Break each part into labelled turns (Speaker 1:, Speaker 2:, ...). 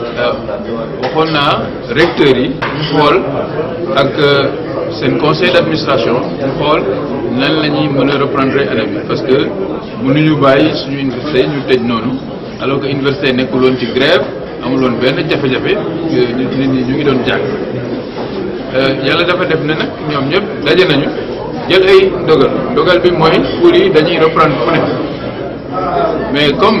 Speaker 1: Euh, waxoon naa recteur yi ñu xool ak euh, seen conseil d'administration ñu xool nan la ñuy a reprendre année bi mu nu ñu bàyyi suñu université ñu tëj noonu alors que université nekkul woon ci grève amul woon benn jafe-jafe nit ñi ñu ngi doon jàng euh, yàlla dafa def ne nag ñoom ñëpp daje nañu jël ay ndogal ndogal bi mooy cours yi dañuy reprendre fu ne mais comme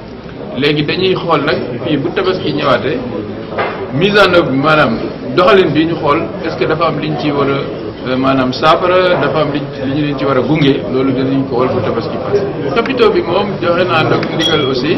Speaker 1: léegi dañuy xool nag fii bu tabaski ñëwaatee mise en œuvre maanaam doxalin bi ñu xool est que dafa am liñ ci war a euh, maanaam saafara dafa am liñ li ñu leen ci war a gunge loolu dinañ ko xool bu tabaski passé. capitaux bi moom joxe naa nag ndigal aussi.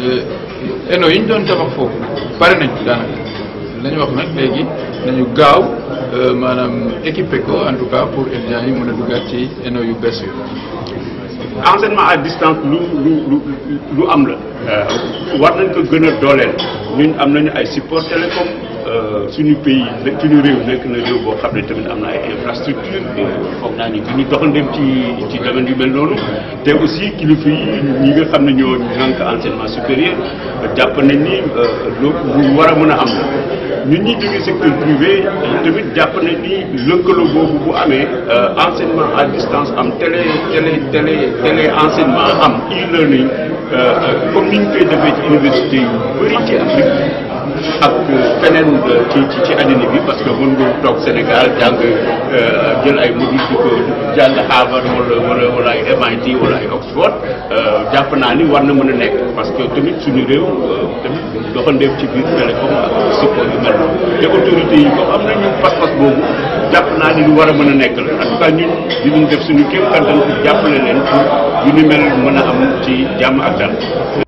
Speaker 1: Euh, eno yu ñu doon tabax foofu pare nañ daanaka la ñu wax nag léegi nañu gaaw euh, maanaam équipe ko en tout cas pour étudiants yi mën a duggaat ci eno yu bees yi.
Speaker 2: enseignement à distance lu lu lu lu am la. Euh, war nañ ko gën a dooleel ñun am nañu ay support télécom. Euh, suñu pays suñu réew nekk na am na aussi kilifa ñi nga ñoo enseignement supérieur jàpp nañ ni euh, a am secteur privé tamit ni euh, enseignement à distance am télé télé télé télé enseignement am e-learning comme ni ñu koy ak feneen ci ci àddina bi parce que mën nga toog Sénégal jàng euh, jël ay module di ko jàng Harvard wala wala wala ay MIT wala ay Oxford euh, jàpp naa ni war na mën a nekk parce que tamit suñu réew euh, tamit doxandeef ci biir télécom ak support yu mel te autorité yi ko am nañu pas-pas boobu jàpp naa ni lu war a mën a nekk la en tout cas ñun def suñu kéem kattan jàpp jàppale leen pour yu ni mel mën a am ci jàmm ak dal